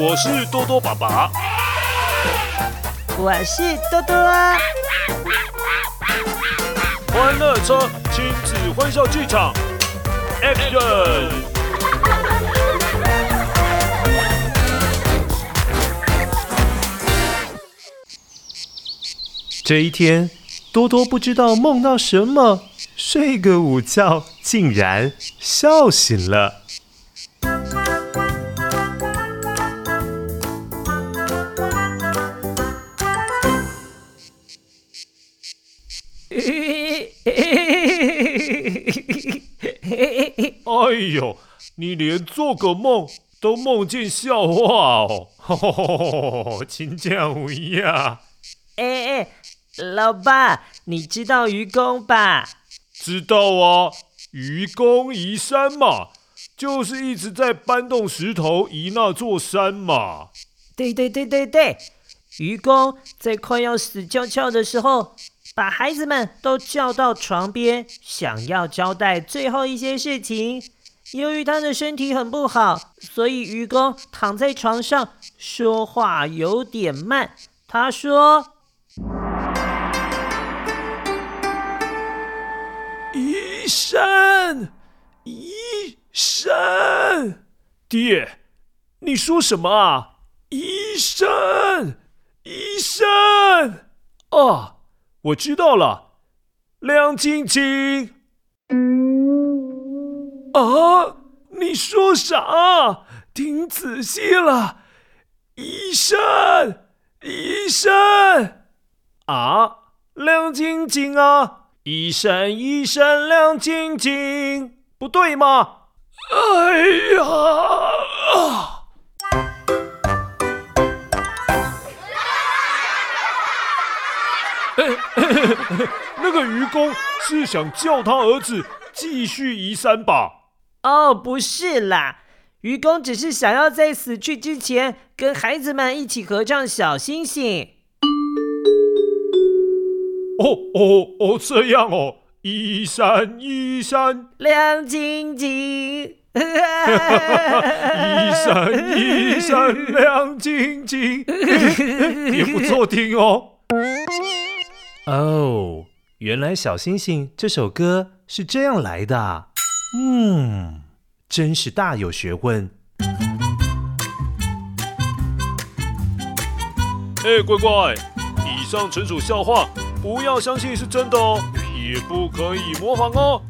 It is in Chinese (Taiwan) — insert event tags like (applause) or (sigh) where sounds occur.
我是多多爸爸，我是多多啊。歡樂車親子歡笑劇場，Action！這一天，多多不知道夢到什麼，睡個午覺竟然笑醒了。 (laughs) 哎呦，你連做個夢都夢見笑話哦，請講一下。哎，哎老爸，你知道愚公吧？知道啊，愚公移山嘛，就是一直在搬動石頭，移那座山嘛。對對對對對愚公在快要死翹翹的時候，把孩子們都叫到床邊，想要交代最後一些事情。由於他的身體很不好，所以愚公躺在床上說話有點慢。他說：“醫生，醫生，爹，你說什麼啊？醫生。”醫生啊，哦，我知道了，亮晶晶。啊，你說啥？聽仔細了，醫生，醫生啊，亮晶晶啊，一閃一閃亮晶晶，不對嗎？哎呀！ (laughs) 那個愚公是想叫他兒子繼續移山吧？哦，不是啦，愚公只是想要在死去之前跟孩子們一起合唱《小星星》哦。哦哦哦，這樣哦，一閃一閃亮晶晶，一閃一閃亮晶晶，也 (laughs) (laughs) (laughs) 不錯聽哦。哦，原來小星星這首歌是這樣來的啊，嗯，真是大有學問。哎，欸，乖乖，以上純屬笑話，不要相信是真的哦，也不可以模仿哦。